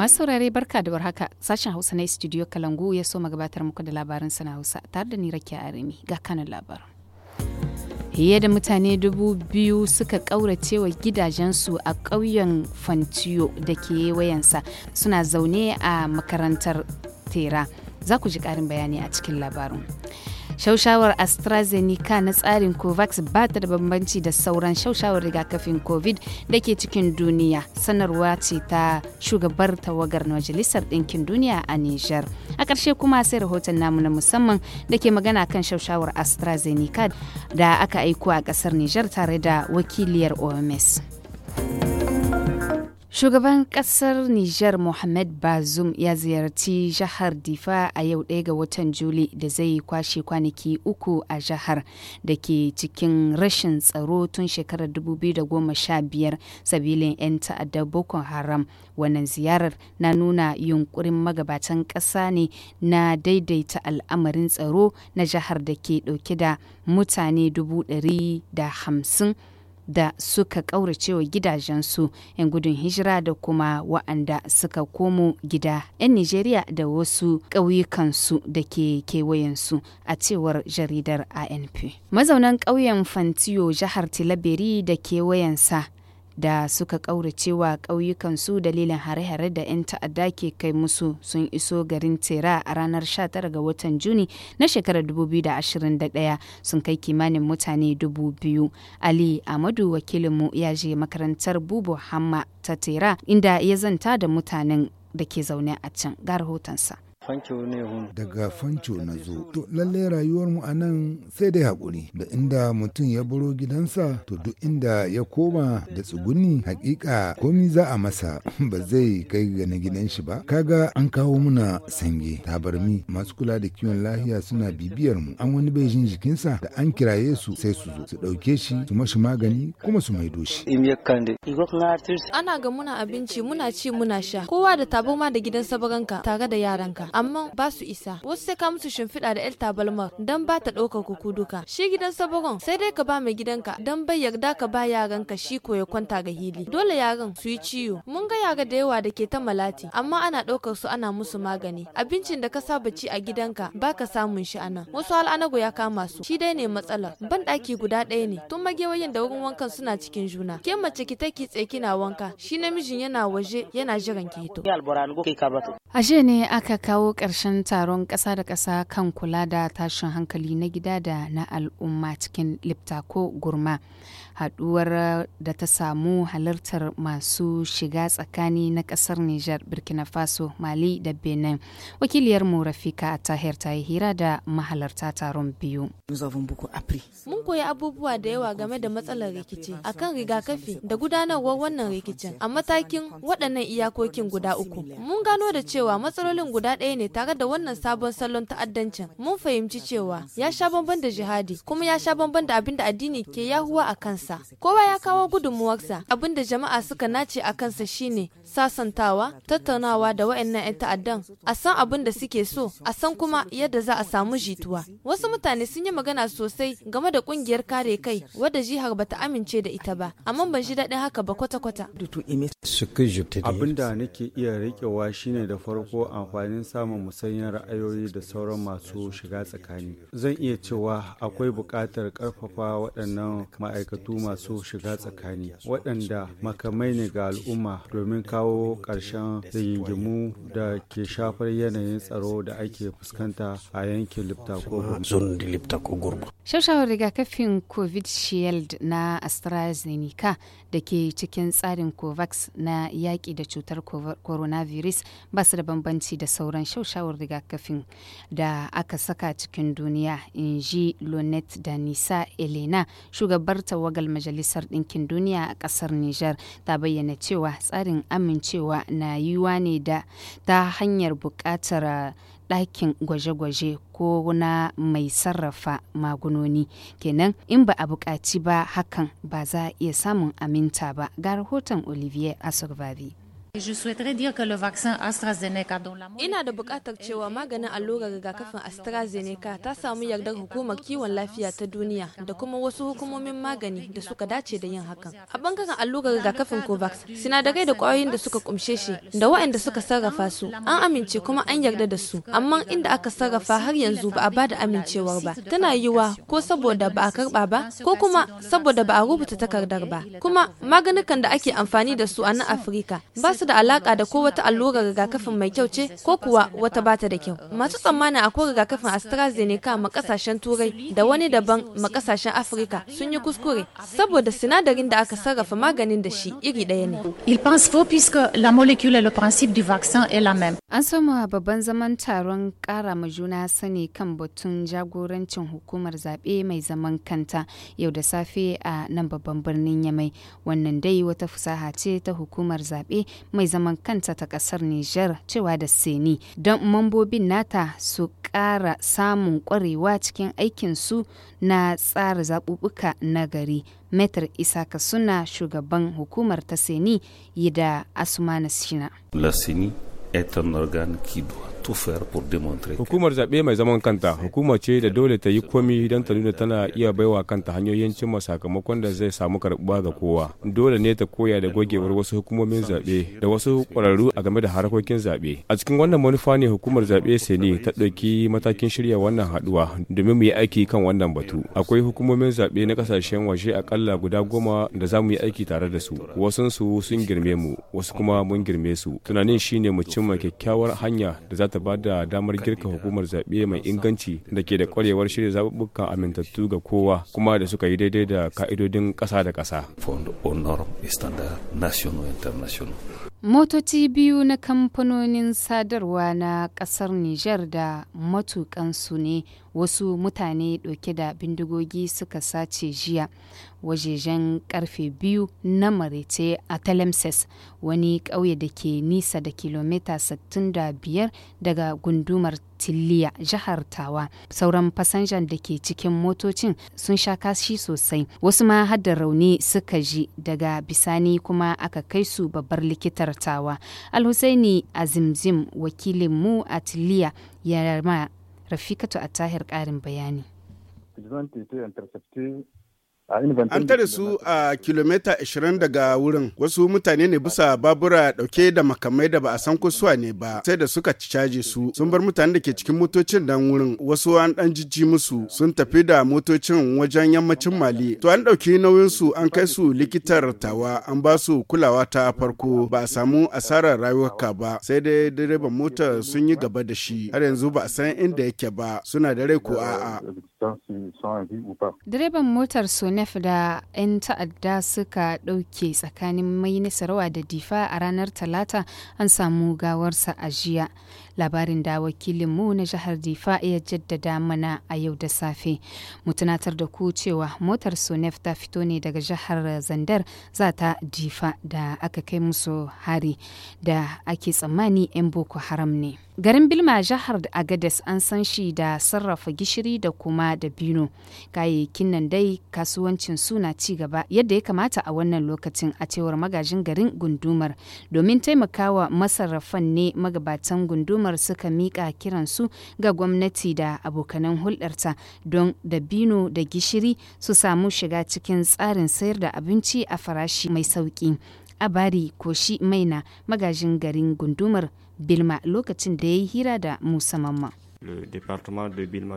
Masu saurare barka da warhaka sashen Hausa na studio Kalangu ya so magabatar muku da labarin sana Hausa tare da ni Arimi ga kanin labarin. Fiye da mutane dubu biyu suka ƙaurace wa gidajensu a ƙauyen Fantiyo da ke wayansa suna zaune a makarantar Tera. Za ku ji ƙarin bayani a cikin labarin. Shaushawar AstraZeneca na tsarin COVAX ba ta da bambanci da sauran shaushawar rigakafin COVID da ke cikin duniya. Sanarwa ce ta shugabar tawagar Majalisar Ɗinkin Duniya a Nijar. A ƙarshe kuma sai rahoton namu na musamman da ke magana kan shaushawar AstraZeneca da aka aiko a ƙasar Nijar tare da wakiliyar OMS. Shugaban kasar Nijar Mohamed Bazoum ya ziyarci jihar Difa a yau ɗaya ga watan Juli da zai kwashe kwanaki uku a jihar da ke cikin rashin tsaro tun shekarar 2015 sabilin 'yan ta'adda Boko Haram. Wannan ziyarar na nuna yunkurin magabatan ƙasa ne na daidaita al'amarin tsaro na jihar da ke ɗauke da mutane 150 da suka ƙauracewa gidajensu 'yan gudun hijira da kuma wa'anda suka komo gida 'yan nigeria da wasu ƙauyukansu da ke kewayensu a cewar jaridar ANP. Mazaunan ƙauyen Fantiyo jihar Tilaberi da kewayensa da suka cewa ƙauyukansu dalilin hare-hare da 'yan ta'adda ke kai musu sun iso garin tera a ranar 19 ga watan juni na shekarar 2021 sun kai kimanin mutane 2000 ali amadu wakilinmu ya je makarantar bubu hamma ta tera inda ya zanta da mutanen da ke zaune a can ga rahotonsa Daga fanco na zo. To lallai mu a nan sai dai haƙuri. Da inda mutum ya buro gidansa to duk inda ya koma da tsuguni hakika komi za a masa ba zai kai ga na gidan shi ba. Kaga an kawo muna sange tabarmi masu kula da kiwon lahiya suna bibiyar mu an wani bai jin jikinsa da an kiraye su sai su zo su ɗauke shi su mashi magani kuma su maido shi. Ana ga muna abinci muna ci muna sha kowa da tabo ma da gidan sabaranka tare da yaranka. amma ba su isa wasu sai ka musu shimfiɗa da 'yar tabalmar don ba ta ɗaukar kuku duka shi gidan sabogon. sai dai ka ba mai gidanka don bai yarda ka ba yaran ka shi ko ya kwanta ga hili dole yaran su yi ciwo mun ga yara da yawa da ke ta malati amma ana ɗaukar su ana musu magani abincin da ka saba ci a gidanka ba ka samun shi anan wasu al'anago ya kama su shi dai ne matsalar ban ɗaki guda ɗaya ne tun magewayin da wurin wankan suna cikin juna ke mace ki take tsaye kina wanka shi namijin yana waje yana jiran ke to Ashe ne aka kawo kawo ƙarshen taron ƙasa da ƙasa kan kula da tashin hankali na gida da na al'umma cikin liptako ko gurma haduwar da ta samu halartar masu shiga tsakani na ƙasar Nijar, Burkina Faso, Mali da Benin. Wakiliyar mu Rafika Tahir ta yi hira da mahalarta taron biyu. Mun koyi abubuwa da yawa game da matsalar rikici akan rigakafi da gudanarwar wannan rikicin a matakin waɗannan iyakokin guda uku. Mun gano da cewa matsalolin guda ɗaya ne tare da wannan sabon salon ta'addancin. Mun fahimci cewa ya sha bamban da jihadi kuma ya sha bamban da abin da addini ke yahuwa a kansa. kansa kowa ya kawo gudunmuwarsa abin da jama'a suka nace a kansa shine sasantawa tattaunawa da waɗannan 'yan ta'addan a san abin da suke so a san kuma yadda za a samu jituwa wasu mutane sun yi magana sosai game da kungiyar kare kai wadda jihar bata amince da ita ba amma ban ji daɗin haka ba kwata-kwata abin da nake iya riƙewa shine da farko amfanin samun musanyen ra'ayoyi da sauran masu shiga tsakani zan iya cewa akwai buƙatar ƙarfafa waɗannan ma'aikatu masu shiga tsakani waɗanda makamai ne ga al'umma domin kawo ƙarshen rigingimu da ke shafar yanayin tsaro da ake fuskanta a yankin lipta rigakafin covid shield na AstraZeneca da ke cikin tsarin COVAX na yaƙi da cutar coronavirus ba su da bambanci da sauran shawshawar rigakafin da aka saka cikin duniya in ji da nisa Elena shugabar tawagar tawagal Majalisar Ɗinkin Duniya a ƙasar Nijar ta bayyana cewa tsarin amincewa na yiwuwa ne da ta hanyar buƙatar ɗakin gwaje-gwaje ko na mai sarrafa magunoni kenan in ba a buƙaci ba hakan ba za a iya samun aminta ba ga rahoton olivier asurbabi Ina da buƙatar cewa maganin allurar rigakafin AstraZeneca ta samu yardar hukumar kiwon lafiya ta duniya da kuma wasu hukumomin magani da suka dace da yin hakan. A bangaren allurar rigakafin COVAX, sinadarai da ƙwayoyin da suka kumshe shi da waɗanda suka sarrafa su an amince kuma an yarda da su, amma inda aka sarrafa har yanzu ba a ba da amincewar ba. Tana yiwa ko saboda ba a karɓa ba ko kuma saboda ba a rubuta takardar ba. Kuma maganukan da ake amfani da su a nan Afirka ba su da alaka da ko wata allurar rigakafin mai kyau ce ko kuwa wata bata da kyau. Masu tsammanin akwai rigakafin AstraZeneca ma kasashen Turai da wani daban ma kasashen Afirka sun yi kuskure saboda sinadarin da aka sarrafa maganin da shi iri ɗaya ne. Il pense faux puisque la molécule et le principe du vaccin est la même. An samuwa babban zaman taron kara ma juna sani kan batun jagorancin hukumar zaɓe mai zaman kanta yau da safe a nan babban birnin Yamai. Wannan dai wata fusaha ce ta hukumar zaɓe mai zaman kanta ta kasar Nijar cewa da Seni don mambobin nata su kara samun kwarewa cikin aikinsu na tsara zaɓuɓɓuka na gari. Metar Isaka suna shugaban hukumar ta Seni yi da Asumana Shina. La Seni est un Hukumar zaɓe mai zaman kanta hukuma ce da dole ta yi komi don ta nuna tana iya baiwa kanta hanyoyin cimma sakamakon da zai samu karbuwa ga kowa. Dole ne ta koya da gogewar wasu hukumomin zaɓe da wasu ƙwararru a game da harkokin zaɓe. A cikin wannan manufa ne hukumar zaɓe Seni ta ɗauki matakin shirya wannan haɗuwa domin mu yi aiki kan wannan batu. Akwai hukumomin zaɓe na ƙasashen waje kalla guda goma da za mu yi aiki tare da su. Wasunsu sun girme mu, wasu kuma mun girme su. Tunanin shine mu cimma kyakkyawar hanya da za ta ba da damar girka hukumar zaɓe mai inganci da ke da kwarewar shirya zaɓuɓɓukan amintattu ga kowa kuma da suka yi daidai da ka'idodin ƙasa da ƙasa. Motoci biyu na kamfanonin sadarwa na ƙasar Nijar da su ne wasu mutane ɗauke da bindigogi suka sace jiya wajejen karfe biyu na marece a talemses wani ƙauye da ke nisa da kilomita 65 daga gundumar tiliya jihar tawa sauran fasanjan da ke cikin motocin sun sha kashi sosai wasu ma har da rauni suka ji daga bisani kuma aka kai su babbar likitar tawa alhusaini azimzim wakilinmu a tiliya ya Rafikatu a tahir ƙarin bayani. Adjuvantes intercepter An tare su a kilomita 20 daga wurin wasu mutane ne bisa babura dauke da makamai da ba a san kusuwa ne ba sai da suka caji su sun bar mutane da ke cikin motocin dan wurin wasu an dan jijji musu sun tafi da motocin wajen yammacin Mali to an dauki nauyin su an kai su likitar tawa an ba su kulawa ta farko ba a samu asarar rayuwarka ba sai dai direban mota sun yi gaba da shi har yanzu ba a san inda yake ba suna da rai ko a'a direban motar su nef da 'yan ta'adda suka ɗauke tsakanin mai nasarawa da difa a ranar talata an samu gawarsa a jiya. labarin da mu na jihar difa ya jaddada mana a yau da safe mu tunatar da ku cewa motar sonef ta fito ne daga jihar zandar za ta difa da aka kai musu hari da ake tsammani 'yan boko haram ne garin bilma jihar agades an san shi da sarrafa gishiri da kuma da bino kayayyakin nan dai kasuwancin suna ci gaba yadda ya kamata a wannan lokacin a cewar magajin garin gundumar domin taimakawa masarrafan ne magabatan gundumar gundumar suka miƙa kiransu ga gwamnati da abokanan hulɗarta don dabino da gishiri su samu shiga cikin tsarin sayar da abinci a farashi mai sauƙi. Abari Koshi Maina magajin garin gundumar Bilma lokacin da ya yi hira da Musa Mamman.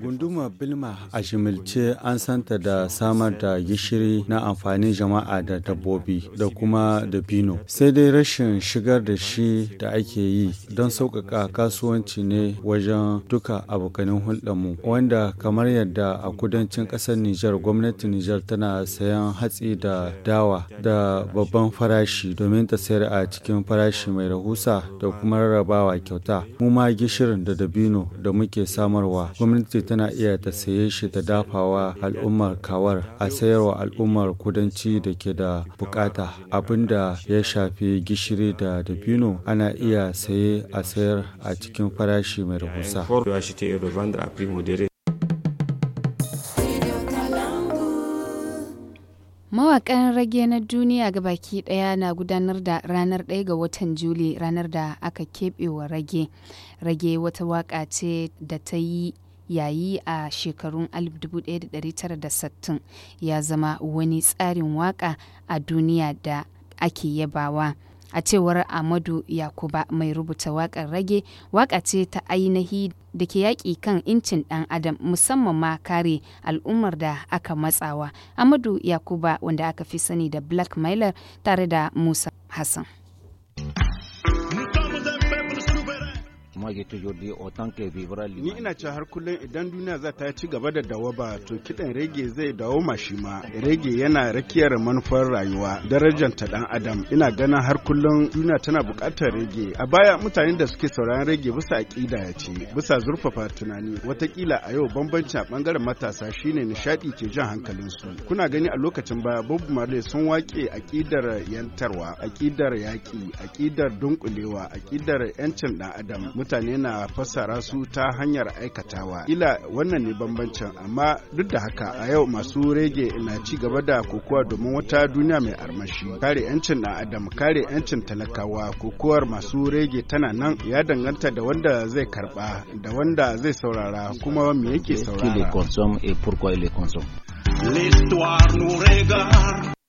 Gunduma Bilma a shimilce an santa da samar da gishiri na amfanin jama'a da dabbobi da kuma da bino. Sai dai rashin shigar da shi da ake yi don sauƙaƙa kasuwanci ne wajen duka abokanin hulɗarmu wanda kamar yadda a kudancin ƙasar Nijar gwamnatin Nijar tana sayan hatsi da dawa da babban farashi domin ta sayar a cikin farashi mai rahusa da kuma rarrabawa kyauta. Mu ma gishirin da dabino da muke muke samarwa gwamnati tana iya ta saye shi ta dafawa al'ummar kawar a sayarwa al'ummar kudanci da ke da bukata abinda ya shafi gishiri da dabino ana iya saye a sayar a cikin farashi mai rahusa Mawaƙan rage na duniya ga baki ɗaya na gudanar da ranar ɗaya ga watan Juli ranar da aka keɓewa rage. Rage wata waka ce da ta yi yayi a shekarun 1960 ya zama wani tsarin waka a duniya da ake yabawa. a cewar amadu yakuba mai rubuta waƙar rage waƙa ce ta ainihi da ke yaƙi kan incin ɗan adam musamman ma kare al'ummar da aka matsawa amadu yakuba wanda aka fi sani da black mailer tare da musa hassan Ni ina ce har kullum idan duniya za ta ci gaba da dawaba to kiɗan rege zai dawo ma shi ma. Rege yana rakiyar manufar rayuwa, darajar ta ɗan adam. Ina ganin har kullum duniya tana buƙatar rege. A baya mutanen da suke sauraron rege bisa aƙida ya ce, bisa zurfafa tunani. Watakila a yau bambanci a bangaren matasa shine nishaɗi ke jan hankalin su Kuna gani a lokacin baya Bob Marley sun waƙe aƙidar yantarwa, aqidar yaƙi, aƙidar dunkulewa, aqidar 'yancin ɗan adam. mutane na fassara su ta hanyar aikatawa ila wannan ne bambancin amma duk da haka a yau masu rege na ci gaba da kokowa domin wata duniya mai armashi kare yancin na adam kare yancin talakawa kokowar masu rege tana nan ya danganta da wanda zai karba da wanda zai saurara kuma me yake saurara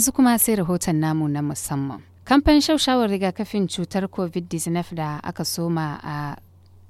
Yanzu kuma sai rahoton namu na musamman. Kamfanin shaushawar rigakafin cutar COVID-19 da aka soma a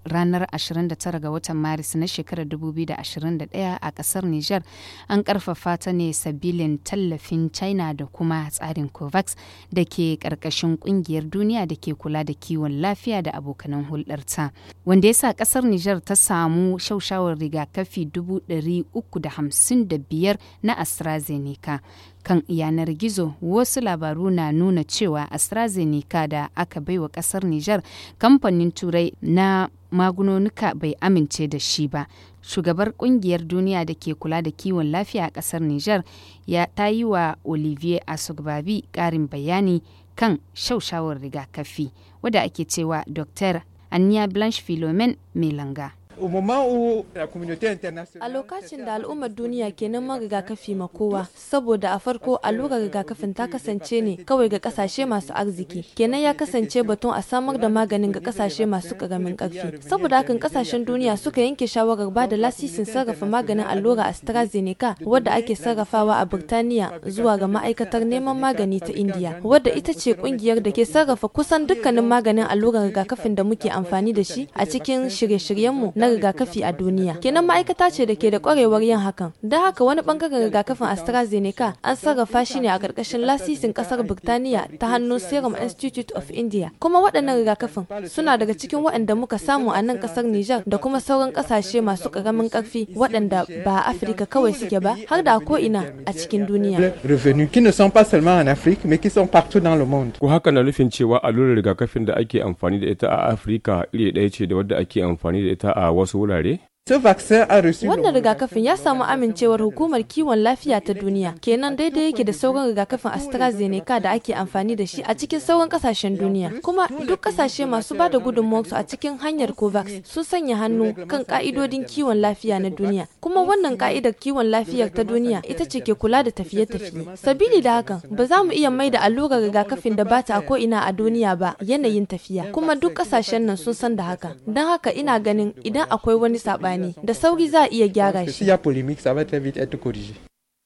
ranar 29 ga watan maris na shekarar 2021 a kasar nijar an karfafa ta ne sabilin tallafin china da kuma tsarin covax da ke karkashin kungiyar duniya da ke kula da kiwon lafiya da abokanan hulɗarta wanda ya sa kasar niger ta samu shaushawar rigakafi 355 na astrazeneca kan yanar gizo wasu labaru na nuna cewa AstraZeneca da aka baiwa kasar Nijar kamfanin turai na magunonuka bai amince da shi ba. Shugabar kungiyar duniya da ke kula da kiwon lafiya a kasar Nijar ya ta yi wa Olivier asogbabi karin bayani kan shaushawar rigakafi wadda ake cewa Dr. Anya Blanche Philomen langa. Eh, a lokacin da al'ummar duniya ke neman rigakafi ma kowa, saboda a farko allurar rigakafin ta kasance ne kawai ga kasashe masu arziki, kenan ya kasance batun a samar da maganin ga kasashe masu karamin karfi. Saboda hakan kasashen duniya suka yanke shawarar ba da lasisin sarrafa maganin allura a AstraZeneca wadda ake sarrafawa a Birtaniya zuwa ga ma'aikatar neman magani ta indiya wadda ita ce kungiyar da ke sarrafa kusan dukkanin maganin allurar rigakafin da muke amfani da shi a cikin shirye-shiryenmu na rigakafi a duniya kenan ma'aikata ce da ke da kwarewar yin hakan don haka wani bangaren rigakafin astrazeneca an sarrafa shi ne a karkashin lasisin kasar birtaniya ta hannun serum institute of india kuma waɗannan rigakafin suna daga cikin waɗanda muka samu a nan kasar niger da kuma sauran kasashe masu karamin karfi waɗanda ba a afirka kawai suke ba har da ko ina a cikin duniya ko haka na nufin cewa allurar rigakafin da ake amfani da ita a afirka iri ɗaya ce da wadda ake amfani da ita a a wasu wurare Wannan rigakafin ya samu amincewar hukumar kiwon lafiya ta duniya, kenan daidai yake da sauran rigakafin AstraZeneca da ake amfani da shi a cikin sauran kasashen duniya. Kuma duk kasashe masu ba da gudunmawarsu a cikin hanyar COVAX sun sanya hannu kan ka'idodin kiwon lafiya na duniya. Kuma wannan ka'idar kiwon lafiyar ta duniya ita ce ke kula da tafiye-tafiye. Sabili da hakan, ba za mu iya mai da allurar rigakafin da bata a ina a duniya ba yanayin tafiya. Kuma duk kasashen nan sun san da haka. Don haka ina ganin idan akwai wani saɓani ne da sauri za a iya gyara shi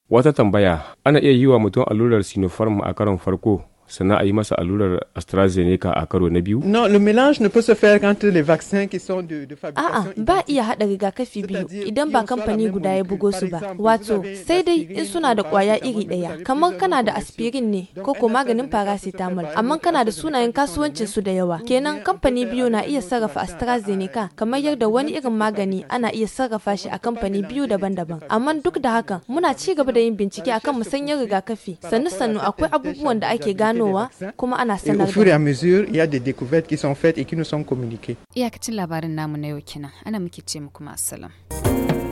wata tambaya ana iya yi wa mutum allurar sinopharm a karon farko sannan a yi masa allurar AstraZeneca a karo na biyu? Non, le mélange ne peut se faire entre les vaccins qui sont de, de fabrication. A'a, ba iya haɗa rigakafi biyu idan ba kamfani guda ya bugo su ba. Wato, sai dai in suna da ƙwaya iri ɗaya, kamar kana da aspirin ne ko ko maganin paracetamol, amma kana da sunayen kasuwancin su da yawa. Kenan kamfani biyu na euh, iya sarrafa AstraZeneca kamar yadda wani irin magani ana iya sarrafa shi a kamfani biyu daban-daban. Amma duk da haka muna ci gaba da yin bincike akan musanyar rigakafi. Sannu-sannu akwai abubuwan da ake gano ganowa kuma ana sanar da mesure il y a des découvertes qui sont faites et qui nous sont communiquées iyakacin labarin namu na yau kenan ana muke ce muku assalam